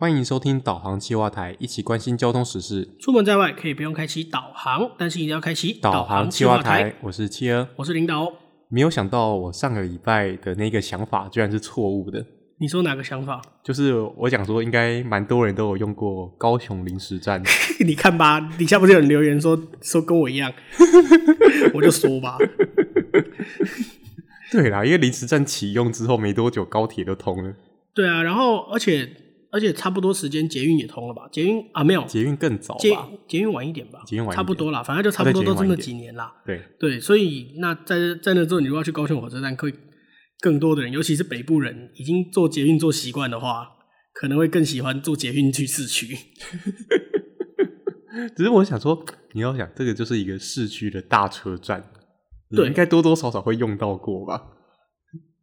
歡迎收聽導航企劃台，一起關心交通時事。出門在外可以不用開啟導航，但是一定要開啟導航企劃台,台。我是企鵝，我是領導。沒有想到我上個禮拜的那個想法居然是錯誤的。你說哪個想法？就是我講說，應該蠻多人都有用過高雄臨時站。 你看吧，底下不是有人留言說 說跟我一樣， 我就說吧。 對啦，因為臨時站啟用之後沒多久，高鐵就通了。對啊，然後而且。而且差不多時間，捷運也通了吧？捷運啊，沒有，捷運更早，捷捷運晚一點吧，捷運晚一點差不多了，反正就差不多都這麼幾年了。對對，所以那在在那時候，你如果要去高雄火車站，可以更多的人，尤其是北部人，已經坐捷運坐習慣的話，可能會更喜歡坐捷運去市區。 只是我想說，你要想這個就是一個市區的大車站，你應該多多少少會用到過吧？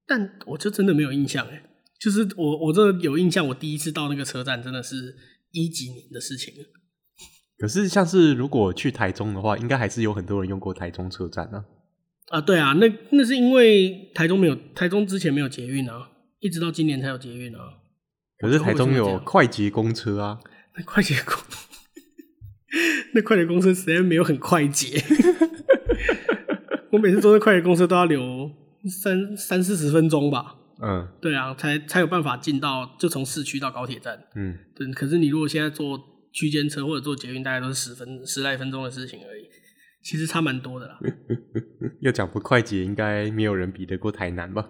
但我就真的沒有印象哎、欸。就是我，我這有印象，我第一次到那個車站，真的是一幾年的事情了。可是，像是如果去台中的話，應該還是有很多人用過台中車站啊。啊，對啊，那那是因為台中沒有台中之前沒有捷運啊，一直到今年才有捷運啊。可是台中有快捷公車啊。那快捷公， 那快捷公車實在沒有很快捷。 我每次坐那快捷公車都要留三三四十分鐘吧。嗯，對啊，才才有辦法進到，就從市區到高鐵站。嗯，對，可是你如果現在坐區間車或者坐捷運，大概都是十分十來分鐘的事情而已，其實差蠻多的啦。要 講不快捷，應該沒有人比得過台南吧？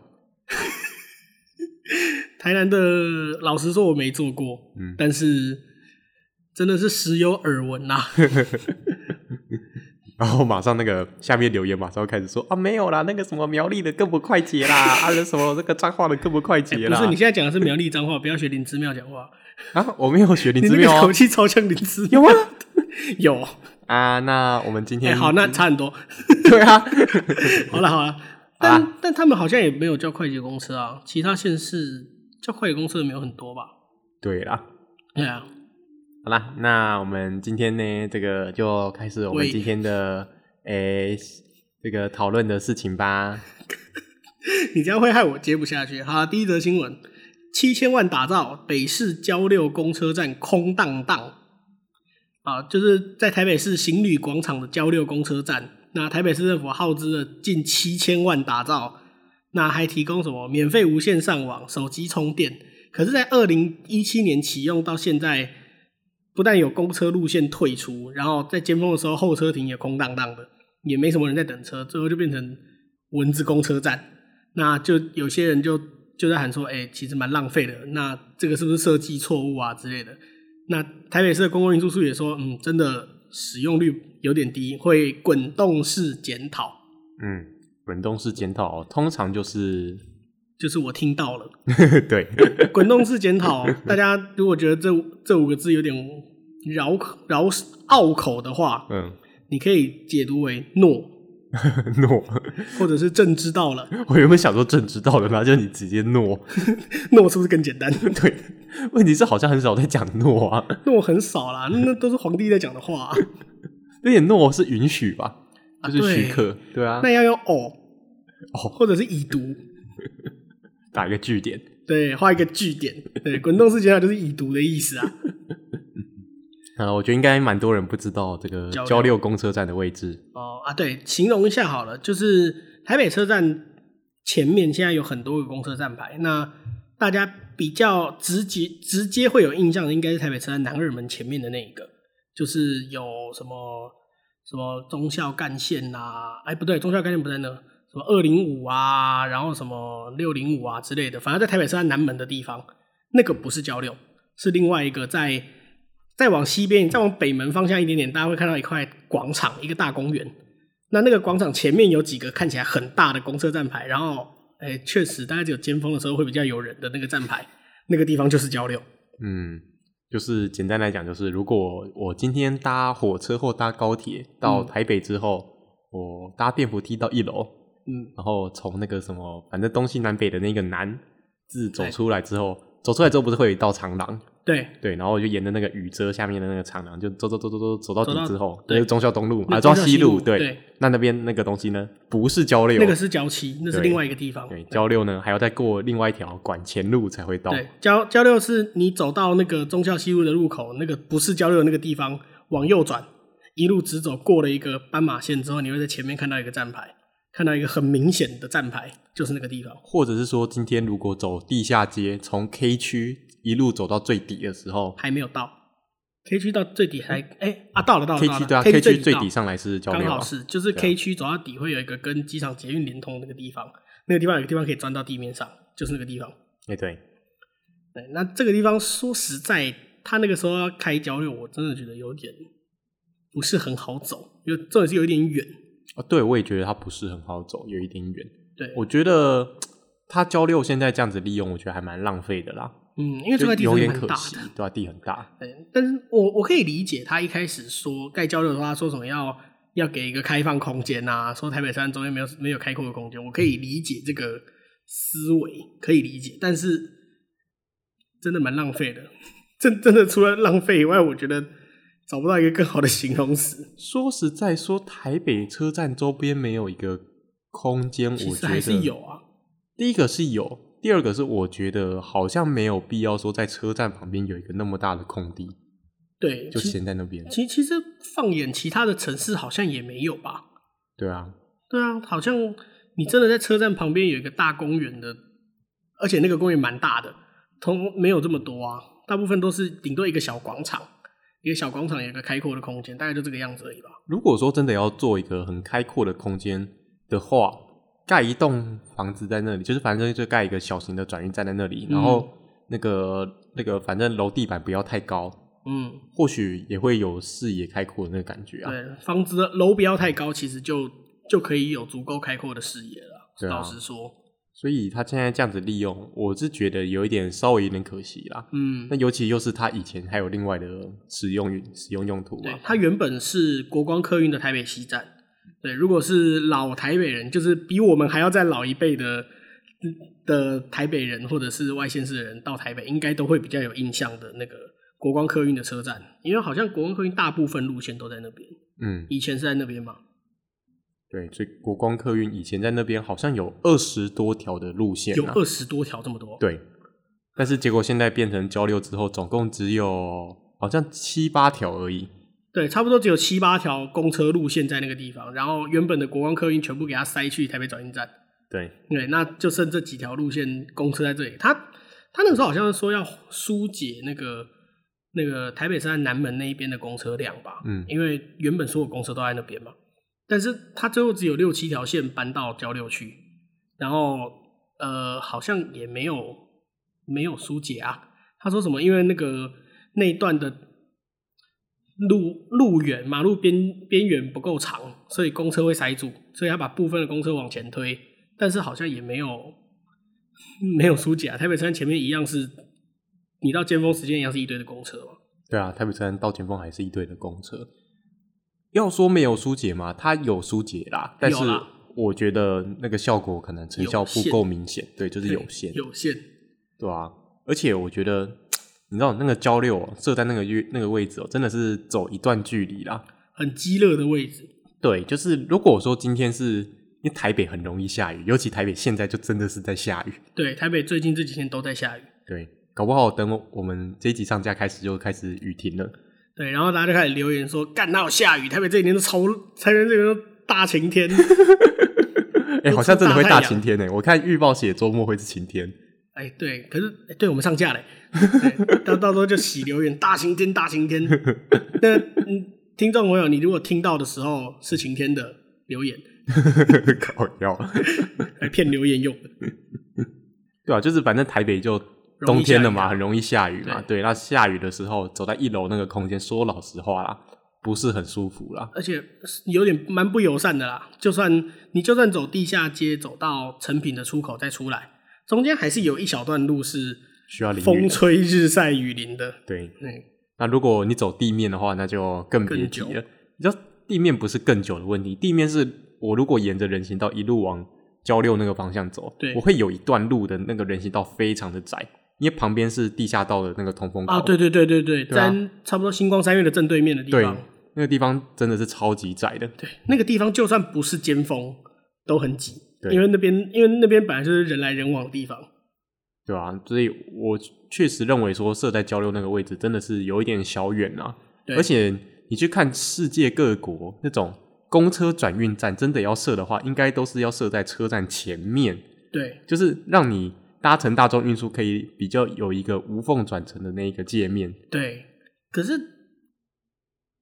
台南的，老實說我沒坐過、嗯，但是真的是時有耳聞啊。 然後馬上那個下面留言馬上要開始說啊，沒有啦，那個什麼苗栗的更不快捷啦， 啊、那個、什麼這個彰化的更不快捷啦。欸、不是，你現在講的是苗栗、彰化，不要學林芝妙講話啊！我沒有學林芝妙。哦，你口氣超像林芝妙。有嗎？ 有啊。那我們今天、欸、好，那差很多。 對啊， 好了好了，但啦但、但他們好像也沒有叫快捷公司啊，其他縣市叫快捷公司的沒有很多吧？對啦。對啊。好啦，那我們今天呢，這個就開始我們今天的誒、欸、這個討論的事情吧。 你這樣會害我接不下去。好，第一則新聞：七千萬打造，北市交六公車站空蕩蕩。啊，就是在台北市行旅廣場的交六公車站，那台北市政府耗資了近七千萬打造，那還提供什麼免費無線上網、手機充電。可是，在二零一七年啟用到現在，不但有公車路線退出，然後在尖峰的時候，候車亭也空蕩蕩的，也沒什麼人在等車，最後就變成蚊子公車站。那就有些人就就在喊說，哎、欸，其實蠻浪費的。那這個是不是設計錯誤啊之類的？那台北市的公共運輸處也說，嗯，真的使用率有點低，會滾動式檢討。嗯，滾動式檢討，通常就是。就是我聽到了， 對，滾動式檢討、啊。 大家如果覺得這這五個字有點繞口、繞拗口的話，嗯，你可以解讀為諾諾， 諾 或者是朕知道了。我原本想說朕知道了，然後就你直接諾諾， 諾是不是更簡單？ 對，問題是好像很少在講諾啊，諾 很少啦，那都是皇帝在講的話、啊。有點 諾是允許吧？啊、就是許可對，對啊。那要用哦哦，或者是已讀。打一個句點，對，畫一個句點，對，滾動式減少就是已讀的意思啊。 我覺得應該蠻多人不知道這個交六公車站的位置交交哦啊，對，形容一下好了，就是台北車站前面現在有很多個公車站牌，那大家比較直接直接會有印象的應該是台北車站南二門前面的那一個，就是有什麼什麼忠孝幹線吶、啊，哎，不對，忠孝幹線不在那。什麼二零五啊，然後什麼六零五啊之類的，反正在台北是在南門的地方，那個不是交流，是另外一個在再往西邊、再往北門方向一點點，大家會看到一塊廣場，一個大公園。那那個廣場前面有幾個看起來很大的公車站牌，然後，哎、欸，確實，大家只有尖峰的時候會比較有人的那個站牌，那個地方就是交流。嗯，就是簡單來講，就是如果我今天搭火車或搭高鐵到台北之後，嗯、我搭電扶梯到一樓。嗯，然後從那個什麼，反正東西南北的那個南字走出來之後，走出來之後不是會有一道長廊？對對，然後我就沿着那個雨遮下面的那個長廊就走走走走走，走到底之後，就是忠孝東路、忠孝西路,、啊忠孝西路,啊忠孝西路對。對，那那邊那個東西呢，不是交六，那個是交七，那是另外一個地方。對，對交六呢還要再過另外一條管前路才會到。對，交交六是你走到那個忠孝西路的路口，那個不是交六的那個地方，往右轉，一路直走過了一個斑馬線之後，你會在前面看到一個站牌。看到一個很明顯的站牌，就是那個地方，或者是說，今天如果走地下街，從 K 區一路走到最底的時候，還沒有到。K 區到最底還哎、嗯欸、啊到了到了，到了，K 區對啊，K 區最，最底上來是交流、剛、啊、好是，就是 K 區走到底會有一個跟機場捷運連通那個地方、啊，那個地方有個地方可以鑽到地面上，就是那個地方。哎、欸、對，對，那這個地方說實在，他那個時候要開交流，我真的覺得有點不是很好走，因為這裡是有點遠。啊，對我也覺得它不是很好走，有一點遠。對，我覺得它交六現在這樣子利用，我覺得還蠻浪費的啦。嗯，因為這塊地很大的有點可惜，對啊，地很大。對，但是我我可以理解他一開始說蓋交六的話，說什麼要要給一個開放空間啊，說台北市中心沒有沒有開闊的空間，我可以理解這個思維、嗯，可以理解，但是真的蠻浪費的。真 真的除了浪費以外，我覺得。找不到一個更好的形容詞。說實在說，說台北車站周邊沒有一個空間，我覺得還是有啊。第一個是有，第二個是我覺得好像沒有必要說在車站旁邊有一個那麼大的空地，對，就閒在那邊。其實其實放眼其他的城市，好像也沒有吧？對啊，對啊，好像你真的在車站旁邊有一個大公園的，而且那個公園蠻大的，都沒有這麼多啊，大部分都是頂多一個小廣場一個小廣場，有一個開闊的空間，大概就這個樣子而已吧。如果說真的要做一個很開闊的空間的話，蓋一棟房子在那裡，就是反正就蓋一個小型的轉運站在那裡，然後那個、嗯、那個反正樓地板不要太高，嗯，或許也會有視野開闊的那個感覺啊。對，房子樓不要太高，其實就就可以有足夠開闊的視野了，啊。老實說。所以他現在這樣子利用，我是覺得有一點稍微有點可惜啦。嗯，那尤其又是他以前還有另外的使用使用用途。對，它原本是國光客運的台北西站。對，如果是老台北人，就是比我們還要再老一輩的的台北人或者是外縣市的人到台北，應該都會比較有印象的那個國光客運的車站，因為好像國光客運大部分路線都在那邊。嗯，以前是在那邊嘛。對，所以國光客運以前在那邊好像有二十多條的路線。啊，有二十多條這麼多？對，但是結果現在變成交流之後，總共只有好像七八條而已。對，差不多只有七八條公車路線在那個地方，然後原本的國光客運全部給它塞去台北轉運站。對，對，那就剩這幾條路線公車在這裡。他他那個時候好像說要疏解那個那個台北站南門那一邊的公車量吧？嗯，因為原本所有公車都在那邊嘛。但是他最後只有六七條線搬到交流區，然後呃，好像也沒有沒有疏解啊。他說什麼？因為那個那一段的路路遠，馬路邊邊緣不夠長，所以公車會塞住，所以他把部分的公車往前推。但是好像也沒有沒有疏解啊。台北車站前面一樣是，你到尖峰時間一樣是一堆的公車嘛？對啊，台北車站到尖峰還是一堆的公車。要說沒有疏解嘛，它有疏解啦，但是我覺得那個效果可能成效不夠明顯，對，就是有限，有限，對啊？而且我覺得，你知道那個交六設在那個那個位置哦，真的是走一段距離啦，很雞肋的位置。對，就是如果說今天是，因為台北很容易下雨，尤其台北現在就真的是在下雨。對，台北最近這幾天都在下雨。對，搞不好等我們這一集上架開始，就開始雨停了。對，然後大家就開始留言說：“幹，哪有下雨？台北這幾年都超，台北這幾年都大晴天。 ”哎、欸，好像真的會大晴天呢，欸。我看預報寫周末會是晴天。哎、欸，對，可是，欸，對我們上架嘞，欸欸，到、到時候就，就洗留言，大晴天，大晴天。那，嗯、聽眾朋友，你如果聽到的時候是晴天的留言，搞笑，還騙留言用 對啊，就是反正台北就。冬天了嘛，很容易下雨嘛。對，那下雨的時候，走在一樓那個空間，說老實話啦，不是很舒服啦。而且有點蠻不友善的啦。就算你就算走地下街，走到成品的出口再出來，中間還是有一小段路是需要淋風吹日曬雨淋的。對，那、嗯、那如果你走地面的話，那就更別提了。你知道地面不是更久的問題，地面是我如果沿着人行道一路往交六那個方向走，對，我會有一段路的那個人行道非常的窄。因為旁邊是地下道的那個通風口啊，對對對對對，對、啊，在差不多新光三越的正對面的地方，對，那個地方真的是超級窄的，對，那個地方就算不是尖峰都很擠，對，因為那邊因為那邊本來就是人來人往的地方，對啊，所以我確實認為說設在交流那個位置真的是有一點小遠啊，對，而且你去看世界各國那種公車轉運站，真的要設的話，應該都是要設在車站前面，對，就是讓你。搭乘大眾運輸可以比較有一個無縫轉乘的那一個界面。對，可是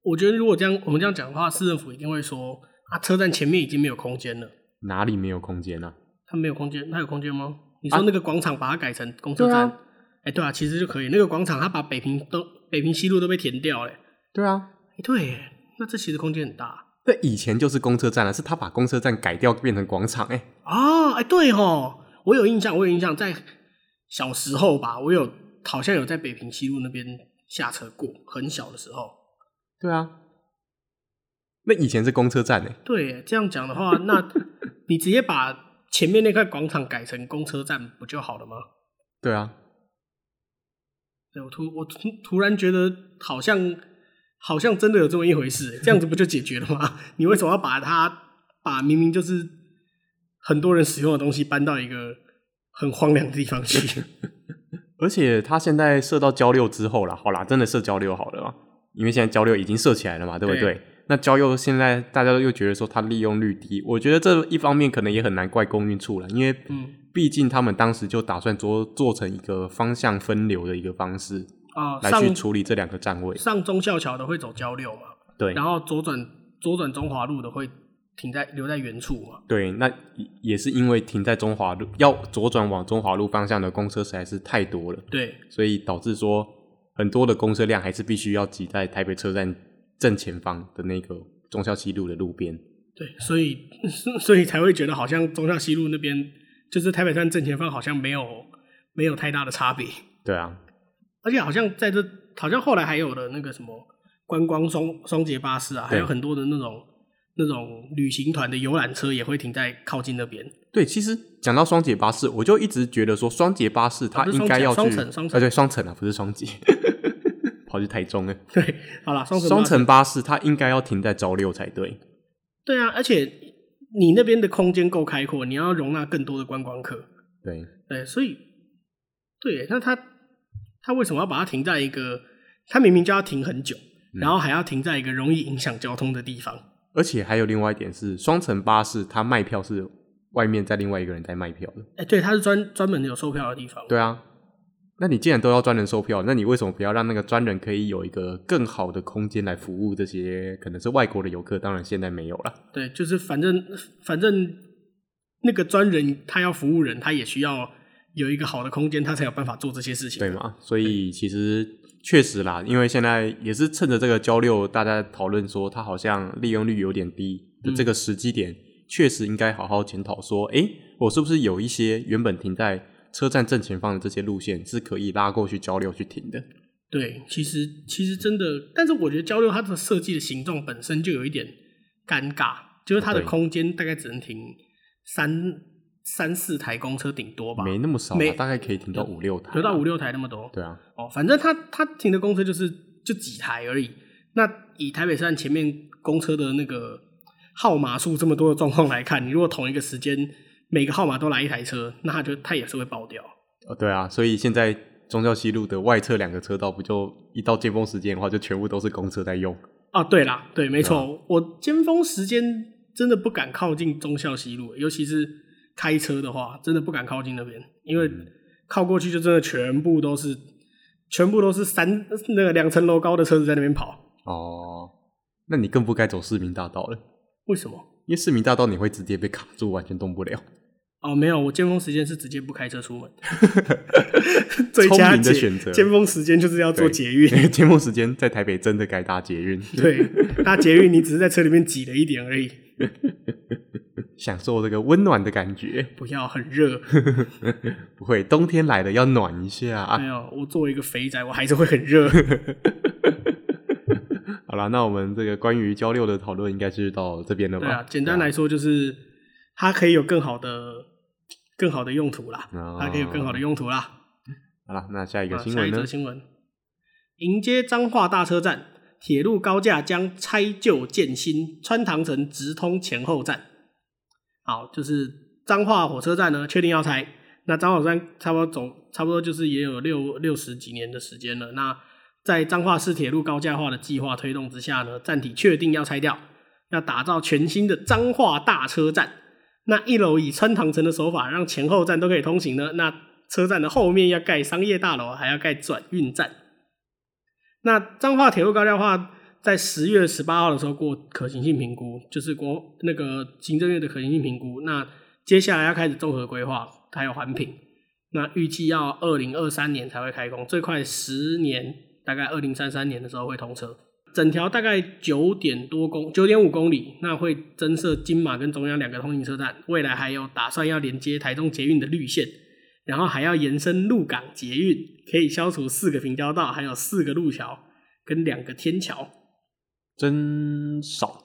我覺得如果這樣我們這樣講的話，市政府一定會說，啊，車站前面已經沒有空間了。哪裡沒有空間呢、啊？它沒有空間，它有空間嗎？你說那個廣場把它改成公車站？哎、啊，欸、對啊，其實就可以。那個廣場，它把北平都北平西路都被填掉了、欸、對啊，欸對欸，那這其實空間很大。那以前就是公車站了，是他把公車站改掉變成廣場、欸？哎，啊，哎、欸，對吼。我有印象，我有印象，在小時候吧，我有，好像有在北平西路那邊下車過，很小的時候。對啊，那以前是公車站呢？對，這樣講的話，那你直接把前面那塊廣場改成公車站不就好了嗎？對啊，對，我突，我突，突然覺得好像好像真的有這麼一回事，這樣子不就解決了嗎？你為什麼要把它把明明就是？很多人使用的東西搬到一個很荒涼的地方去 ，而且他現在設到交六之後了，好啦，真的設交六好了嘛？因為現在交六已經設起來了嘛，對不對？對那交六現在大家都又覺得說它利用率低，我覺得這一方面可能也很難怪公運處了，因為畢竟他們當時就打算做做成一個方向分流的一個方式啊，嗯、來去處理這兩個站位。上忠孝橋的會走交六嘛？對，然後左轉左轉中華路的會。停在，留在原處啊？對，那也是因為停在中華路，要左轉往中華路方向的公車實在是太多了。對，所以導致說很多的公車量還是必須要擠在台北車站正前方的那個忠孝西路的路邊。對，所以所以才會覺得好像忠孝西路那邊，就是台北站正前方好像沒有沒有太大的差別。對啊，而且好像在這，好像後來還有了那個什麼觀光雙雙節巴士啊，還有很多的那種。那種旅行團的遊覽車也會停在靠近那邊。對，其實講到雙節巴士，我就一直覺得說雙節巴士它應該要雙層，啊，啊，對，雙層啊，不是雙節， 跑去台中哎。對，好了，雙層巴士，雙層巴士它應該要停在交六才對。對啊，而且你那邊的空間夠開闊，你要容納更多的觀光客。對，對，所以對，那他他為什麼要把它停在一個？他明明就要停很久，然後還要停在一個容易影響交通的地方。嗯而且還有另外一點是，雙層巴士它賣票是外面在另外一個人在賣票的。誒、欸，對，它是專專門有售票的地方。對啊，那你既然都要專人售票，那你為什麼不要讓那個專人可以有一個更好的空間來服務這些可能是外國的遊客？當然現在沒有了。對，就是反正反正那個專人他要服務人，他也需要有一個好的空間，他才有辦法做這些事情。對嘛？所以其實。確實啦，因為現在也是趁着這個交六，大家討論說它好像利用率有點低，嗯、就這個時機點確實應該好好檢討說，誒、欸、我是不是有一些原本停在車站正前方的這些路線是可以拉過去交六去停的？對，其實其實真的，但是我覺得交六它的設計的形狀本身就有一點尷尬，就是它的空間大概只能停三。三四台公車頂多吧，沒那麼少、啊，大概可以停到五六台、啊，停到五六台那麼多。對啊，哦，反正他他停的公車就是就幾台而已。那以台北站前面公車的那個號碼數這麼多的狀況來看，你如果同一個時間每個號碼都來一台車，那他就他也是會爆掉、哦。對啊，所以現在忠孝西路的外側兩個車道，不就一到尖峰時間的話，就全部都是公車在用。哦、啊，對啦，對，沒錯，我尖峰時間真的不敢靠近忠孝西路，尤其是。開車的話，真的不敢靠近那邊，因為靠過去就真的全部都是，嗯、全部都是三那個兩層樓高的車子在那邊跑。哦，那你更不該走市民大道了。為什麼？因為市民大道你會直接被卡住，完全動不了。哦，沒有，我尖峰時間是直接不開車出門。 聰明的選擇 最佳的選擇，尖峰時間就是要坐捷運。尖峰時間在台北真的該搭捷運。 對，搭捷運你只是在車裡面擠了一點而已。 享受這個溫暖的感覺，不要很熱。 不會，冬天來了要暖一些啊。沒、哎、有，我作為一個肥宅，我還是會很熱。 好了，那我們這個關於交流的討論應該是到這邊了吧？對、啊。簡單來說，就是、啊、它可以有更好的、更好的用途啦。哦、它可以有更好的用途啦。好了，那下一個新聞呢、啊，下一個新聞？迎接彰化大車站，鐵路高架將拆舊建新，穿堂層直通前後站。好，就是彰化火車站呢，確定要拆。那彰化站差不多走，差不多就是也有六六十幾年的時間了。那在彰化市鐵路高架化的計劃推動之下呢，站體確定要拆掉，要打造全新的彰化大車站。那一樓以穿堂層的手法，讓前後站都可以通行呢。那車站的後面要蓋商業大樓，還要蓋轉運站。那彰化鐵路高架化在十月十八號的時候過可行性評估，就是國那個行政院的可行性評估。那接下來要開始綜合規劃，還有環評。那預計要二零二三年才會開工，最快十年，大概二零三三年的時候會通車。整條大概九點多公九點五公里，那會增設金馬跟中央兩個通勤車站。未來還有打算要連接台中捷運的綠線。然後還要延伸鹿港捷運，可以消除四個平交道，還有四個路橋跟兩個天橋，真少。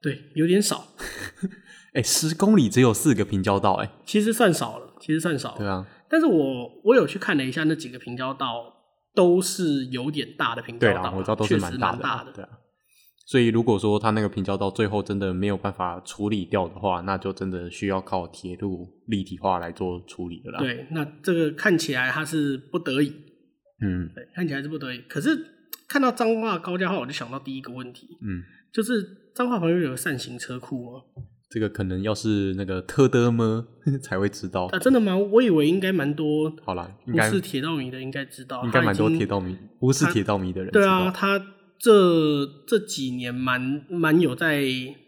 對，有點少。哎、 欸，十公里只有四個平交道、欸，哎，其實算少了，其實算少了。對啊，但是我我有去看了一下，那幾個平交道都是有點大的平交道。對啊，我知道都是蠻大的。確實蠻大的，對啊。所以如果說他那個平交到最後真的沒有辦法處理掉的話，那就真的需要靠鐵路立體化來做處理了啦。對，那這個看起來他是不得已，嗯，對，看起來是不得已。可是看到彰化的高架化，我就想到第一個問題，嗯，就是彰化旁邊有個扇形車庫哦、喔。這個可能要是那個特的麼 才會知道啊？真的嗎？我以為應該蠻多。好啦，不是鐵道迷的應該知道，應該蠻多鐵道迷，不是鐵道迷的人對啊，他。這這幾年蠻蠻有在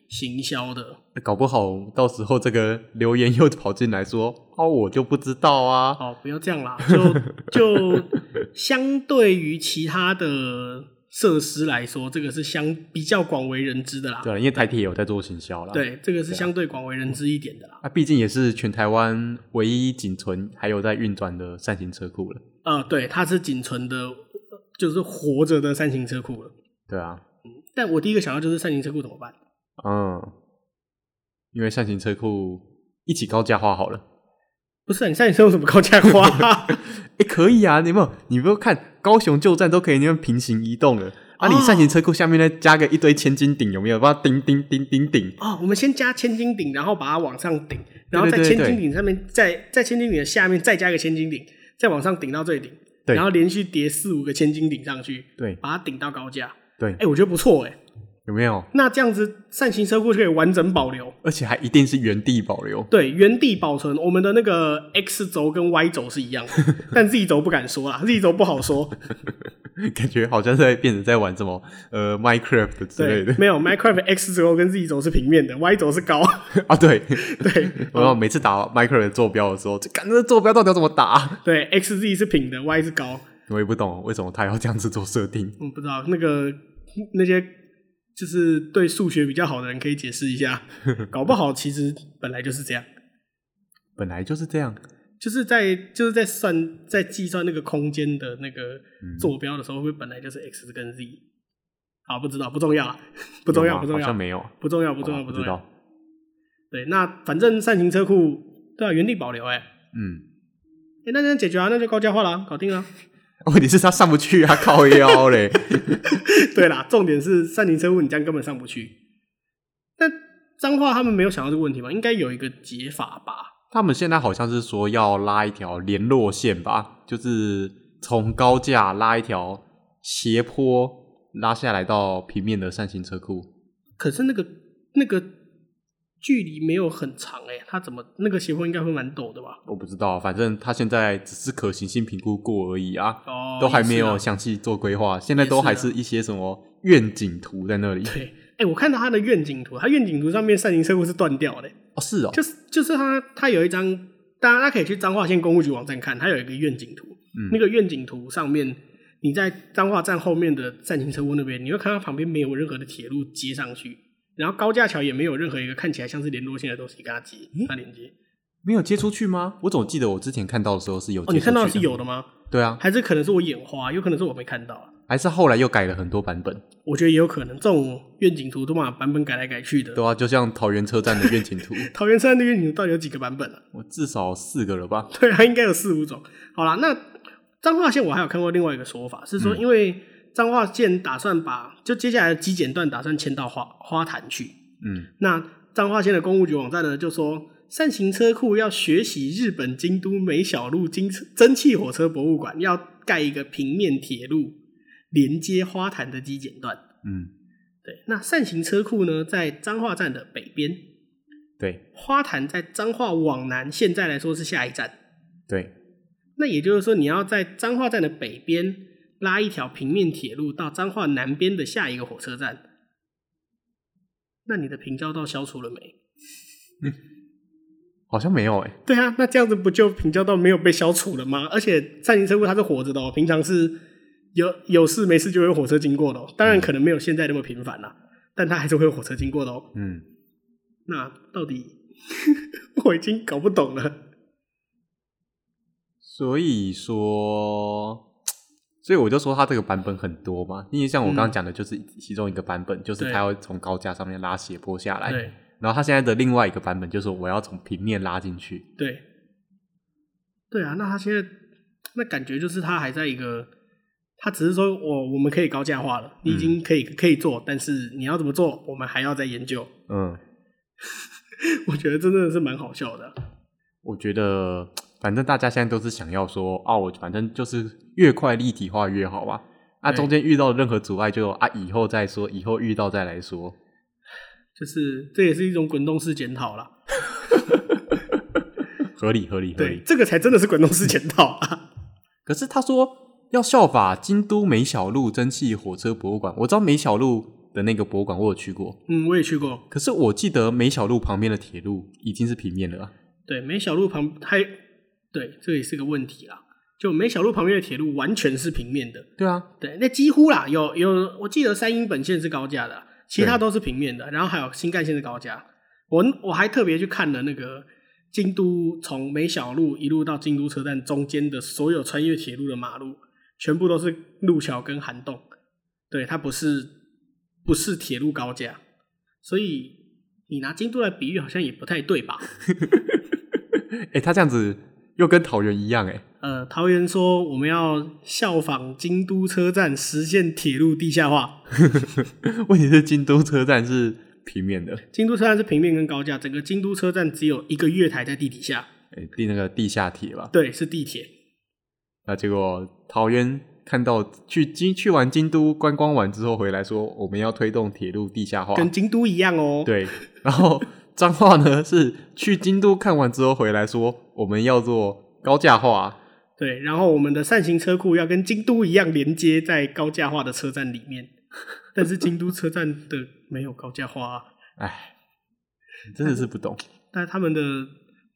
行銷的，啊，搞不好到時候這個留言又跑進來說，哦，我就不知道啊。哦，不要這樣啦，就 就相對於其他的設施來說，這個是相比較廣為人知的啦。對，啊，因為台鐵也有在做行銷啦。對。對，這個是相對廣為人知一點的啦啊。啊，畢竟也是全台灣唯一僅存還有在運轉的扇形車庫了。啊、呃，對，它是僅存的，就是活着的扇形車庫了。對啊，但我第一個想到就是扇形車庫怎麼辦。嗯，因為扇形車庫一起高架化好了。不是、啊，扇形車庫怎麼高架化、啊？哎、 欸，可以啊，你有沒有，你不要看高雄舊站都可以那邊平行移動了。啊，你扇形車庫下面呢加個一堆千斤頂，有沒有？把它頂頂頂頂頂。啊、哦，我們先加千斤頂，然後把它往上頂，然後在千斤頂上面再在，在千斤頂的下面再加一個千斤頂，再往上頂到最頂。對。然後連續疊四五個千斤頂上去。對。把它頂到高架。對，哎、欸，我覺得不錯，哎，有沒有？那這樣子扇形車庫就可以完整保留，而且還一定是原地保留。對，原地保存，我們的那個 X 軸跟 Y 軸是一樣的， 但 Z 軸不敢說啦 ，Z 軸不好說。 感覺好像在變成在玩什麼呃 Minecraft 之類的。沒有，Minecraft X 軸跟 Z 軸是平面的，Y 軸是高 啊。對對，然 後每次打 Minecraft 坐標的時候，就感覺、那個、坐標到底要怎麼打、啊？對，XZ 是平的，Y 是高。我也不懂為什麼他要這樣子做設定、嗯。我不知道那個那些就是對數學比較好的人可以解釋一下。 搞不好其實本來就是這樣。本來就是這樣。就是在就是在算在計算那個空間的那個坐標的時候，嗯、會,會本來就是 x 跟 z。好，不知道不重要，不重要不重要，好像沒有。不重要不重要不重要,、啊不重要不知道。對，那反正扇形車庫都要原地保留哎、欸。嗯、欸。那這樣解決啊？那就高架化啦，搞定了、啊。 問題是他上不去啊，靠腰嘞。 對啦，重點是扇形車庫你這樣根本上不去。但彰化他們沒有想到這個問題吧？應該有一個解法吧。他們現在好像是說要拉一條聯絡線吧，就是從高架拉一條斜坡拉下來到平面的扇形車庫。可是那個那個。距離沒有很長哎、欸，他怎麼那個斜坡應該會蠻陡的吧？我不知道，反正他現在只是可行性評估過而已啊，哦、都還沒有詳細做規劃、啊，現在都還是一些什麼願景圖在那裡。啊、對，哎、欸，我看到他的願景圖，他願景圖上面扇形車庫是斷掉的、欸、哦，是哦，就是就是他他有一張，大家可以去彰化縣公務局網站看，他有一個願景圖，嗯、那個願景圖上面，你在彰化站後面的扇形車庫那邊，你會看到旁邊沒有任何的鐵路接上去。然後高架橋也沒有任何一個看起來像是聯絡線的東西，給它接，它連接，沒有接出去嗎？我總記得我之前看到的時候是有，哦，你看到的是有的嗎？對啊，還是可能是我眼花，有可能是我沒看到，還是後來又改了很多版本？我覺得也有可能，這種願景圖都把版本改來改去的。對啊，就像桃園車站的願景圖， 桃園車站的願景圖到底有幾個版本啊？我至少四個了吧？對啊，應該有四五種。好了，那彰化線我還有看過另外一個說法，是說因為。嗯彰化縣打算把就接下來的機檢段，打算遷到花花壇去。嗯，那彰化縣的公務局網站呢就說，扇形車庫要學習日本京都梅小路蒸汽火車博物館，要蓋一個平面鐵路連接花壇的機檢段。嗯，對。那扇形車庫呢，在彰化站的北邊。對。花壇在彰化往南，現在來說是下一站。對。那也就是說，你要在彰化站的北邊。拉一條平面鐵路到彰化南邊的下一個火車站，那你的平交道消除了沒？嗯、好像沒有哎、欸。對啊，那這樣子不就平交道沒有被消除了嗎？而且扇形車庫它是活着的、喔，平常是有有事沒事就會有火車經過的、喔，當然可能沒有現在那麼頻繁了、啊嗯，但它還是會有火車經過的哦、喔。嗯，那到底 我已經搞不懂了。所以說。所以我就說他這個版本很多嘛，因為像我剛剛講的就是其中一個版本，就是他要從高架上面拉斜坡下來。對。然後他現在的另外一個版本就是我要從平面拉進去。對。對啊，那他現在那感覺就是他還在一個，他只是說我我們可以高架化了，你已經可以、嗯、可以做，但是你要怎麼做，我們還要再研究。嗯。 我覺得真的是蠻好笑的。我覺得。反正大家現在都是想要說啊，我反正就是越快立體化越好啊。那、啊、中間遇到任何阻礙，就啊以後再說，以後遇到再來說。就是這也是一種滾動式檢討啦 合，合理合理合理，對，這個才真的是滾動式檢討啊。 可是他說要效法京都梅小路蒸汽火車博物館，我知道梅小路的那個博物館我有去過，嗯，我也去過。可是我記得梅小路旁邊的鐵路已經是平面了啊。對，梅小路旁還對，這也是個問題啦。就梅小路旁邊的鐵路完全是平面的。對啊，對，那幾乎啦，有有，我記得山陰本線是高架的，其他都是平面的。然後還有新幹線是高架。我我還特別去看了那個京都，從梅小路一路到京都車站，中間的所有穿越鐵路的馬路，全部都是路橋跟涵洞。對，它不是不是鐵路高架，所以你拿京都來比喻，好像也不太對吧？哎 欸，他這樣子。又跟桃園一樣哎、欸。呃，桃園說我們要效仿京都車站實現鐵路地下化。 問題是京都車站是平面的，京都車站是平面跟高架，整個京都車站只有一個月台在地底下。地、欸、那個地下鐵吧？對，是地鐵。那結果桃園看到去京去完京都觀光完之後回來說，我們要推動鐵路地下化，跟京都一樣哦、喔。對，然後。 彰化呢？是去京都看完之後回來說，我們要做高架化。對，然後我們的扇形車庫要跟京都一樣連接在高架化的車站裡面，但是京都車站的沒有高架化。哎， 真的是不懂但。但他們的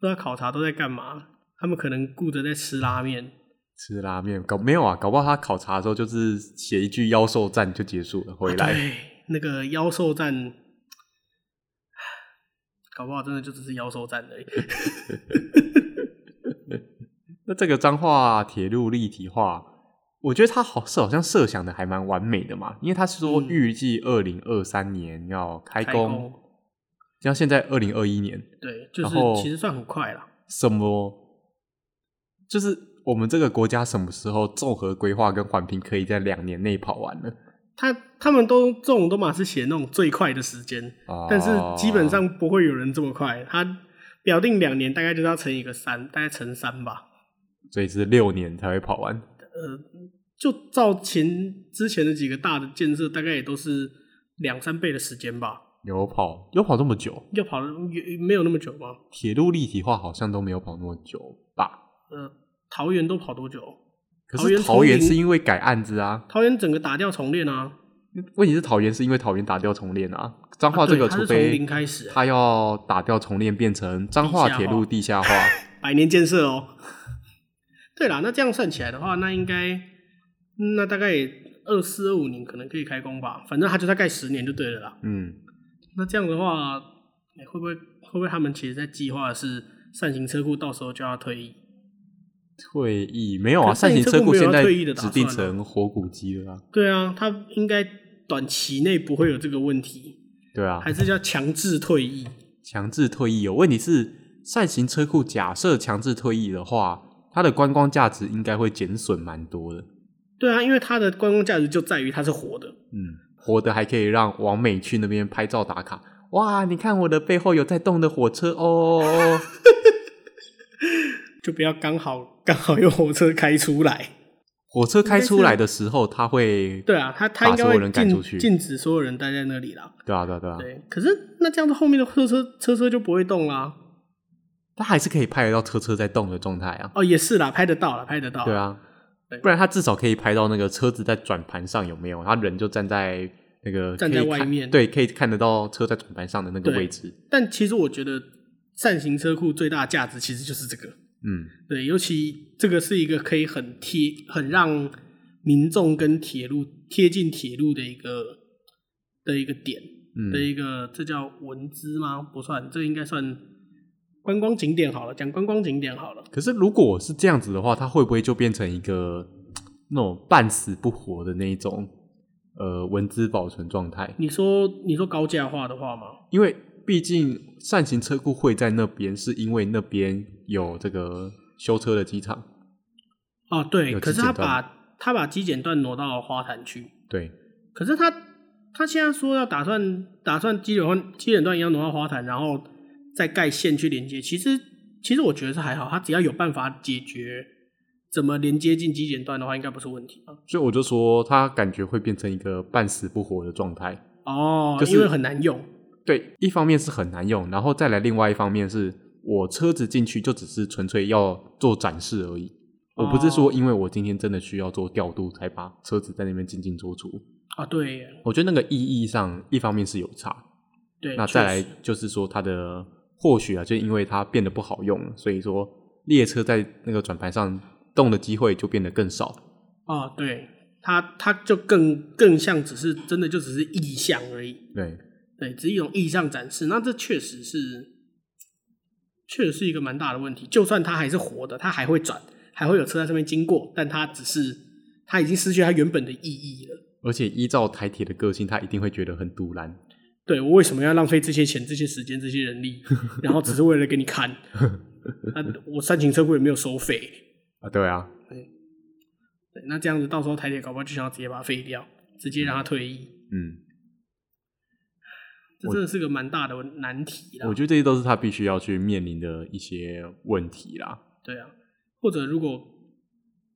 不知道考察都在幹嘛？他們可能顧着在吃拉麵、嗯。吃拉麵？搞沒有啊？搞不好他考察的時候就是寫一句妖獸站就結束了，回來。啊、對，那個妖獸站。好不好？真的就只是夭壽站而已 那這個彰化鐵路立體化，我覺得它好是好像設想的還蠻完美的嘛，因為它是說預計二零二三年要開工，像、嗯、現在二零二一年，對，就是其實算很快了。什麼？就是我們這個國家什麼時候綜合規劃跟環評可以在兩年內跑完呢？他他們都這種都嘛是寫那種最快的時間，哦，但是基本上不會有人這麼快。他表定兩年，大概就要乘一個三，大概乘三吧。所以是六年才會跑完。呃，就照前之前的幾個大的建設，大概也都是兩三倍的時間吧。有跑有跑這麼久，要跑沒有那麼久嗎？鐵路立體化好像都沒有跑那麼久吧。呃，桃園都跑多久？可是桃園是因為改案子啊，桃園整個打掉重練啊，啊。問題是桃園是因為桃園打掉重練啊，彰化這個除非他要打掉重練，變成彰化鐵路地下化， 百年建設哦。對啦，那這樣算起來的話，那應該那大概二四二五年可能可以開工吧？反正他就大概十年就對了啦。嗯，那這樣的話，欸、會不會會不會他們其實在計劃的是扇形車庫到時候就要退役？退役，沒有啊？扇形車庫現在退役的指定成活古蹟了，啊。對啊，它應該短期內不會有這個問題。對啊，還是叫強制退役。強、嗯、制退役有、哦、問題是扇形車庫，假設強制退役的話，它的觀光價值應該會減損蠻多的。對啊，因為它的觀光價值就在於它是活的。嗯，活的還可以讓王美去那邊拍照打卡。哇，你看我的背後有在動的火車哦，哦，哦，哦。 就不要剛好。剛好有火車開出來，火車開出來的時候，他會對啊，他他應該把所有人趕出去，禁止所有人待在那裡了。對啊，對啊，對啊。對，可是那這樣子後面的車車車車就不會動啦。他還是可以拍得到車車在動的狀態啊。哦，也是啦，拍得到了，拍得到。對啊對，不然他至少可以拍到那個車子在轉盤上有沒有？他人就站在那個站在外面，對，可以看得到車在轉盤上的那個位置。但其實我覺得扇形車庫最大的價值其實就是這個。嗯，對，尤其這個是一個可以很貼、很讓民眾跟鐵路貼近鐵路的一個的一個點，嗯，的一個這叫文資嗎？不算，這應該算觀光景點好了，講觀光景點好了。可是如果是這樣子的話，它會不會就變成一個那種半死不活的那一種呃文資保存狀態？你說你說高架化的話嗎？因為畢竟扇形車庫會在那邊，是因為那邊。有這個修車的機場哦，對，可是他把他把機檢段挪到了花壇去。對。可是他他現在說要打算打算機檢段機檢段一樣挪到花壇，然後再蓋線去連接。其實其實我覺得是還好，他只要有辦法解決怎麼連接進機檢段的話，應該不是問題。所以我就說，他感覺會變成一個半死不活的狀態哦，就是、因為很難用。對，一方面是很難用，然後再來另外一方面是。我車子進去就只是純粹要做展示而已，我不是說因為我今天真的需要做調度才把車子在那邊進進出出。啊，對，我覺得那個意義上，一方面是有差，對，那再來就是說它的或許啊，就因為它變得不好用了，所以說列車在那個轉盤上動的機會就變得更少。啊，對，它它就更更像只是真的就只是意向而已。對，對，只是一種意向展示。那這確實是。確實是一個蠻大的問題。就算它還是活的，它還會轉，還會有車在上面經過，但它只是它已經失去它原本的意義了。而且依照台鐵的個性，他一定會覺得很堵然。對我為什麼要浪費這些錢、這些時間、這些人力， 然後只是為了給你看？ 我扇形車庫也沒有收費啊，對啊對對，那這樣子到時候台鐵搞不好就想要直接把它廢掉，直接讓它退役。嗯。嗯這真的是個蠻大的難題啦。我，我覺得這些都是他必須要去面臨的一些問題啦。對啊，或者如果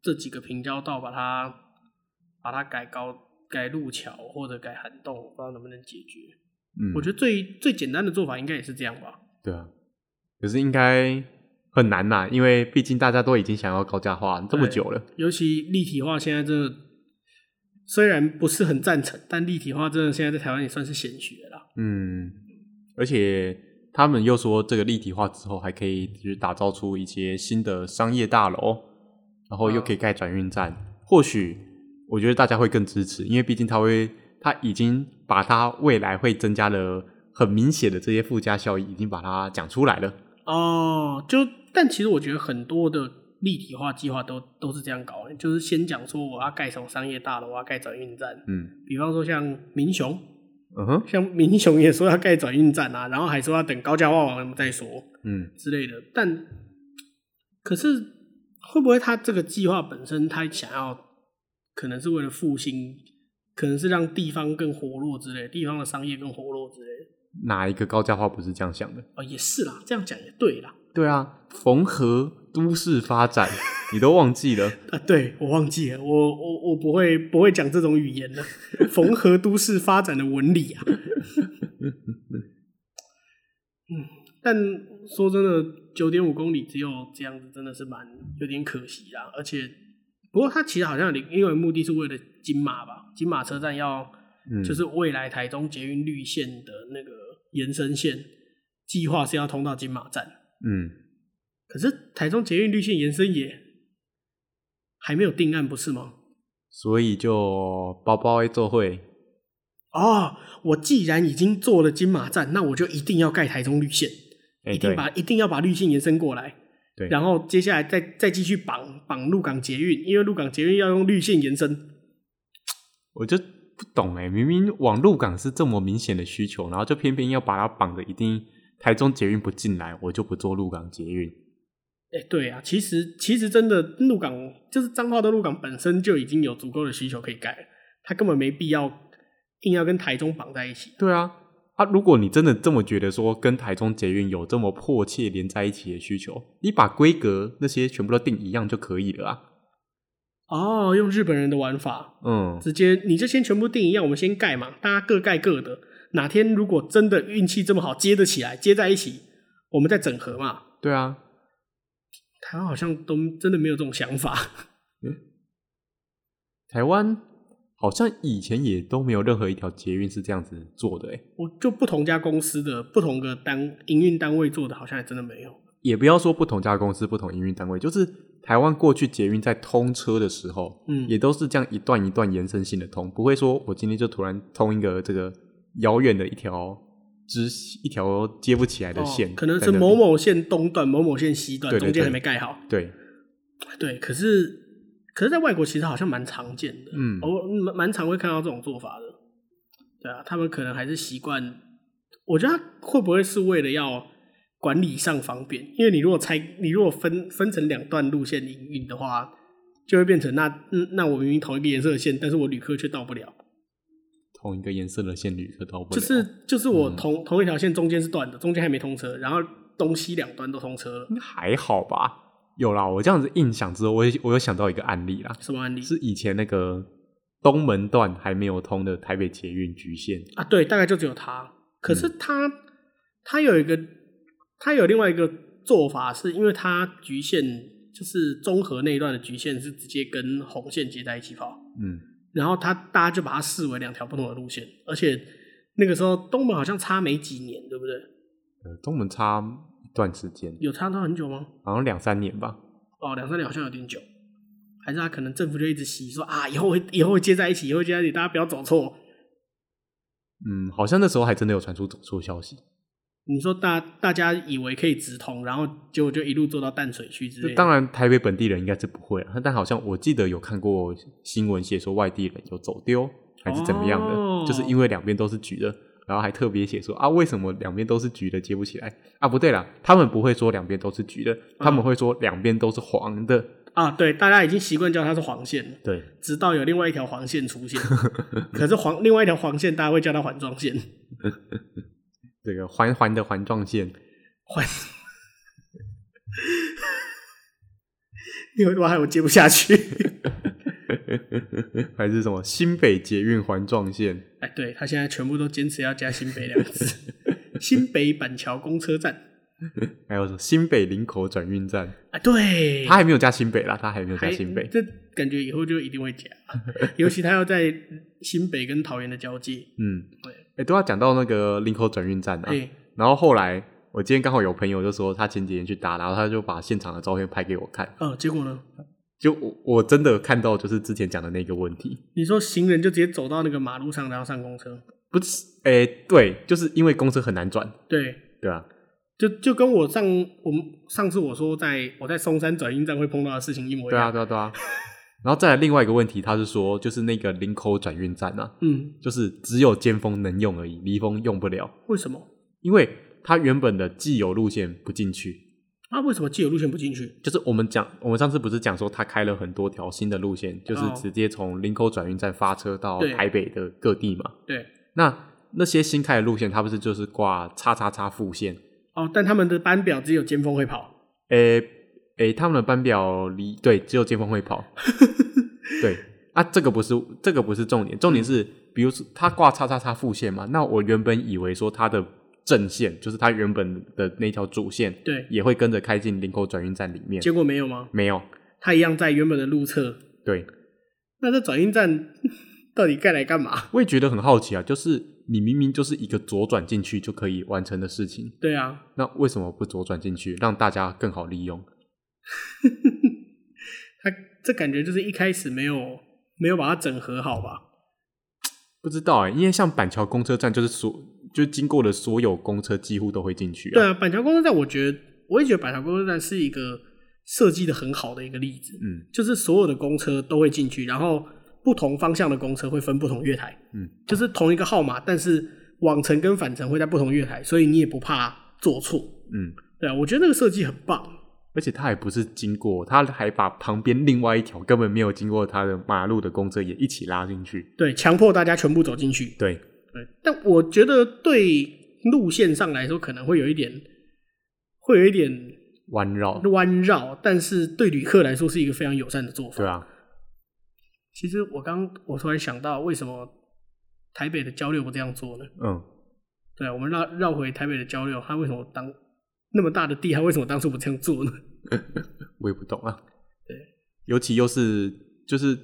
這幾個平交道把它把它改高改路橋或者改涵洞，不知道能不能解決？嗯，我覺得最最簡單的做法應該也是這樣吧。對啊，可是應該很難啦，因為畢竟大家都已經想要高架化這麼久了。尤其立體化，現在這雖然不是很贊成，但立體化真的現在在台灣也算是顯學了。嗯，而且他們又說，這個立體化之後還可以就是打造出一些新的商業大樓，然後又可以蓋轉運站。啊、或許我覺得大家會更支持，因為畢竟他會他已經把他未來會增加的很明顯的這些附加效益已經把它講出來了。哦，就但其實我覺得很多的立體化計劃都都是這樣搞的，就是先講說我要蓋什麼商業大樓啊，蓋轉運站。嗯，比方說像民雄。嗯哼，像民雄也說要蓋轉運站啊，然後還說要等高架化完再說，嗯之類的。嗯、但可是會不會他這個計劃本身，他想要可能是為了復興，可能是讓地方更活絡之類，地方的商業更活絡之類。哪一個高架化不是這樣想的？哦，也是啦，這樣講也對啦。對啊，縫合都市發展。 你都忘記了啊！對，我忘記了，我我我不會不會講這種語言了，縫合都市發展的紋理啊。 嗯，但說真的，九點五公里只有這樣子，真的是蠻有點可惜啦。而且，不過它其實好像你因為有目的是為了金馬吧，金馬車站要，嗯、就是未來台中捷運綠線的那個延伸線計劃是要通到金馬站。嗯，可是台中捷運綠線延伸也。還沒有定案，不是嗎？所以就包包會做會。哦，我既然已經做了金馬站，那我就一定要蓋台中綠線，欸，一定把一定要把綠線延伸過來。對，然後接下來再再繼續綁綁鹿港捷運，因為鹿港捷運要用綠線延伸。我就不懂哎，明明往鹿港是這麼明顯的需求，然後就偏偏要把它綁的一定台中捷運不進來，我就不做鹿港捷運。哎、欸，對啊，其實其實真的鹿港，就是彰化的鹿港本身就已經有足夠的需求可以蓋了，他根本沒必要硬要跟台中綁在一起。對啊，啊，如果你真的這麼覺得說跟台中捷運有這麼迫切連在一起的需求，你把規格那些全部都定一樣就可以了啊。哦，用日本人的玩法，嗯，直接你就先全部定一樣，我們先蓋嘛，大家各蓋各的。哪天如果真的運氣這麼好接得起來，接在一起，我們再整合嘛。對啊。台灣好像都真的沒有這種想法。嗯，台灣好像以前也都沒有任何一條捷運是這樣子做的、欸。我就不同家公司的不同個單營運單位做的，好像也真的沒有。也不要說不同家公司、不同營運單位，就是台灣過去捷運在通車的時候，嗯，也都是這樣一段一段延伸性的通，不會說我今天就突然通一個這個遙遠的一條。只是一條接不起來的線，哦，可能是某某線東段、某某線西段，對對對，中間還沒蓋好。對，對，可是，可是在外國其實好像蠻常見的，嗯，哦，蠻常會看到這種做法的。對啊，他們可能還是習慣。我覺得他會不會是為了要管理上方便？因為你如果拆，你如果分分成兩段路線營運的話，就會變成那、嗯、那我明明同一個顏色的線，但是我旅客卻到不了。同一個顏色的線，旅色都不就是、就是，就是、我同、嗯、同一條線中間是斷的，中間還沒通車，然後東西兩端都通車了還好吧？有啦，我這樣子印象之後，我有我有想到一個案例啦。什麼案例？是以前那個東門段還沒有通的台北捷運橘線啊？對，大概就只有它。可是它、它、嗯、有一個，它有另外一個做法，是因為它橘線就是中和那一段的橘線是直接跟紅線接在一起跑，嗯。然後他大家就把它視為兩條不同的路線，而且那個時候東門好像差沒幾年，對不對？呃，東門差一段時間，有差到很久嗎？好像兩三年吧。哦，兩三年好像有點久，還是他可能政府就一直洗說啊，以後會以後會接在一起，以後接在一起，大家不要走錯。嗯，好像那時候還真的有傳出走錯消息。你說，大、大家以為可以直通，然後結果就一路坐到淡水去之類的。當然，台北本地人應該是不會，但好像我記得有看過新聞寫說外地人有走丟還是怎麼樣的，哦、就是因為兩邊都是橘的，然後還特別寫說啊，為什麼兩邊都是橘的接不起來啊？不對啦，他們不會說兩邊都是橘的，啊、他們會說兩邊都是黃的啊。對，大家已經習慣叫它是黃線了，對，直到有另外一條黃線出現， 可是黃另外一條黃線大家會叫它環狀線。 這個環環的環狀線，環， 你為什麼害我接不下去？ 還是什麼新北捷運環狀線？哎，對他現在全部都堅持要加新北兩字， 新北板橋公車站，還有什麼新北林口轉運站？啊、哎，對，他還沒有加新北啦，他還沒有加新北，這感覺以後就一定會加， 尤其他要在新北跟桃園的交界。嗯，對。哎、欸，都要，啊，講到那個林口轉運站了，啊欸。然後後來，我今天剛好有朋友就說他前幾天去搭，然後他就把現場的照片拍給我看。嗯，呃，結果呢？就我我真的看到，就是之前講的那個問題。你說行人就直接走到那個馬路上，然後上公車。不是，哎，欸，對，就是因為公車很難轉。對。對啊。就就跟我上我們上次我說在我在松山轉運站會碰到的事情一模一樣。對啊，對啊，對啊。 然後再來另外一個問題，他是說，就是那個林口轉運站呢、啊，嗯，就是只有尖峰能用而已，離峰用不了。為什麼？因為他原本的既有路線不進去。那、啊、為什麼既有路線不進去？就是我們講，我們上次不是講說他開了很多條新的路線，就是直接從林口轉運站發車到台北的各地嘛。對。對那那些新開的路線，它不是就是掛叉叉叉副線？哦，但他們的班表只有尖峰會跑。誒。誒、欸，他們的班表裡對，只有尖峰會跑。 對啊，這個不是這個不是重點，重點是，嗯、比如說他掛叉叉叉副線嘛，那我原本以為說他的正線就是他原本的那條主線，對，也會跟着開進林口轉運站裡面，結果沒有嗎？沒有，他一樣在原本的路側。對，那這轉運站到底蓋來幹嘛？我也覺得很好奇啊，就是你明明就是一個左轉進去就可以完成的事情，對啊，那為什麼不左轉進去讓大家更好利用？呵呵呵，他這感覺就是一開始沒有沒有把它整合好吧？不知道哎、欸，因為像板橋公車站，就是所就是經過的所有公車幾乎都會進去、啊。對啊，板橋公車站，我覺得我也覺得板橋公車站是一個設計的很好的一個例子。嗯，就是所有的公車都會進去，然後不同方向的公車會分不同月台。嗯，就是同一個號碼，但是往程跟返程會在不同月台，所以你也不怕坐錯。嗯，對啊，我覺得那個設計很棒。而且他還不是經過，他還把旁邊另外一條根本沒有經過他的馬路的公車也一起拉進去，對，強迫大家全部走進去，嗯、對對。但我覺得對路線上來說可能會有一點，會有一點彎繞彎繞，但是對旅客來說是一個非常友善的做法，對啊。其實我剛我突然想到，為什麼台北的交六不這樣做呢？嗯，對，我們繞繞回台北的交六，他為什麼當？那麼大的地，他為什麼當初不這樣做呢？ 我也不懂啊。對，尤其又是就是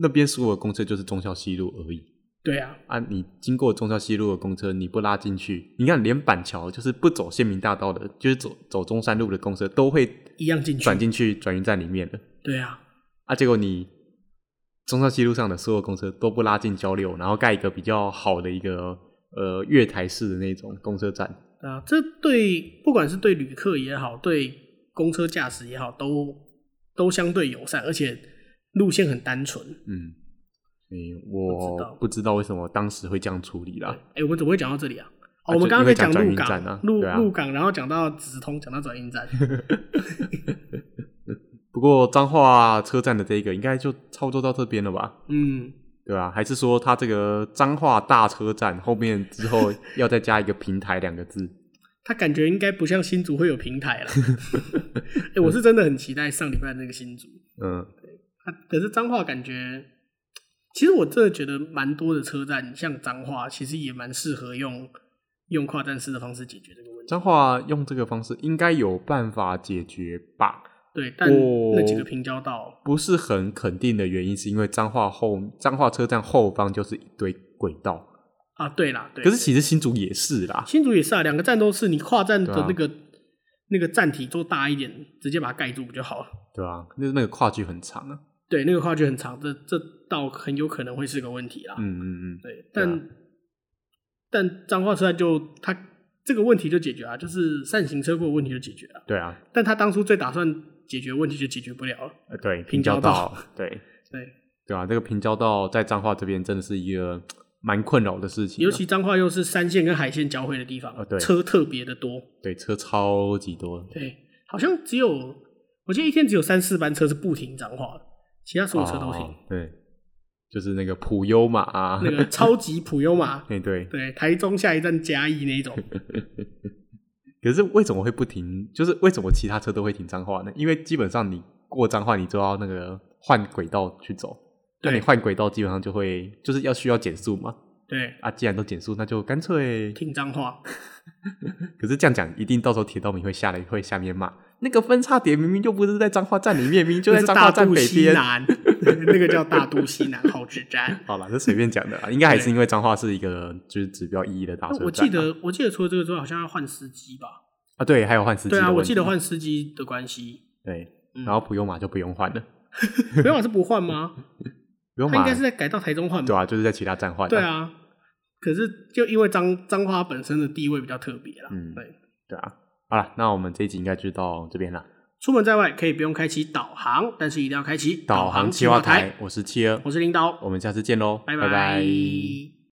那邊所有的公車就是忠孝西路而已。對啊，啊，你經過忠孝西路的公車，你不拉進去，你看連板橋就是不走縣民大道的，就是走走中山路的公車都會一樣進去，轉進去轉運站裡面的。對啊，啊，結果你忠孝西路上的所有公車都不拉進交流，然後蓋一個比較好的一個呃月台式的那種公車站。啊，這對不管是對旅客也好，對公車駕駛也好，都都相對友善，而且路線很單純，嗯。嗯，我不知道為什麼當時會這樣處理啦。哎、欸，我們怎麼會講到這裡啊？哦、啊我們剛剛在講路港站啊，陸陸、啊、港，然後講到直通，講到轉運站。 不過彰化車站的這一個應該就操作到這邊了吧？嗯。對啊，還是說他這個彰化大車站後面之後要再加一個平台兩個字？ 他感覺應該不像新竹會有平台了、 欸。我是真的很期待上禮拜那個新竹。嗯，對。可是彰化感覺，其實我真的覺得蠻多的車站像彰化，其實也蠻適合用用跨站式的方式解決這個問題。彰化用這個方式應該有辦法解決吧？對，但那幾個平交道不是很肯定的原因，是因為彰化後彰化車站後方就是一堆軌道啊，對啦，對，對，對。可是其實新竹也是啦，新竹也是啊，兩個站都是你跨站的那個、啊、那個站體做大一點，直接把它蓋住不就好了？對啊，那那個跨距很長啊，對，那個跨距很長，這這倒很有可能會是個問題啦。嗯嗯嗯，對，但對、啊、但彰化車站就他這個問題就解決了，就是扇形車庫問題就解決了。對啊，但他當初最打算。解決問題就解決不了了。呃、對平，平交道，對，對，對啊，這、那個平交道在彰化這邊真的是一個蠻困擾的事情，啊，尤其彰化又是山線跟海線交匯的地方，呃、對，車特別的多，對，車超級多，對，好像只有，我記得一天只有三四班車是不停彰化的，其他所有車都停，哦、對，就是那個普悠瑪，啊，那個超級普悠瑪。 對，對，台中下一站嘉義那一種。 可是為什麼會不停？就是為什麼其他車都會停彰化呢？因為基本上你過彰化，你就要那個換軌道去走，對，那你換軌道基本上就會就是要需要減速嘛。對啊，既然都減速，那就乾脆聽彰化。 可是這樣講，一定到時候鐵道迷會下來，會下面罵。那個分叉點明明就不是在彰化站裡面明，明明就在彰化站北邊西南。 那個叫大肚溪南號誌站 好了，這隨便講的啊，應該還是因為彰化是一個就是指標意義的大站。我記得我記得除了這個之外，好像要換司機吧？啊，對，還有換司機。對啊，我記得換司機的關係。對，然後普悠瑪就不用換了。普、嗯、 悠瑪是不換嗎？普 悠瑪他應該是在改到台中換吧？對啊，就是在其他站換。對啊，可是就因為彰、彰化本身的地位比較特別啦。嗯，對。對啊。好了，那我們這一集應該就到這邊了。出門在外可以不用開啟導航，但是一定要開啟導航企劃台。導航企劃台。我是企鵝，我是領導，我們下次見嘍，拜拜。拜拜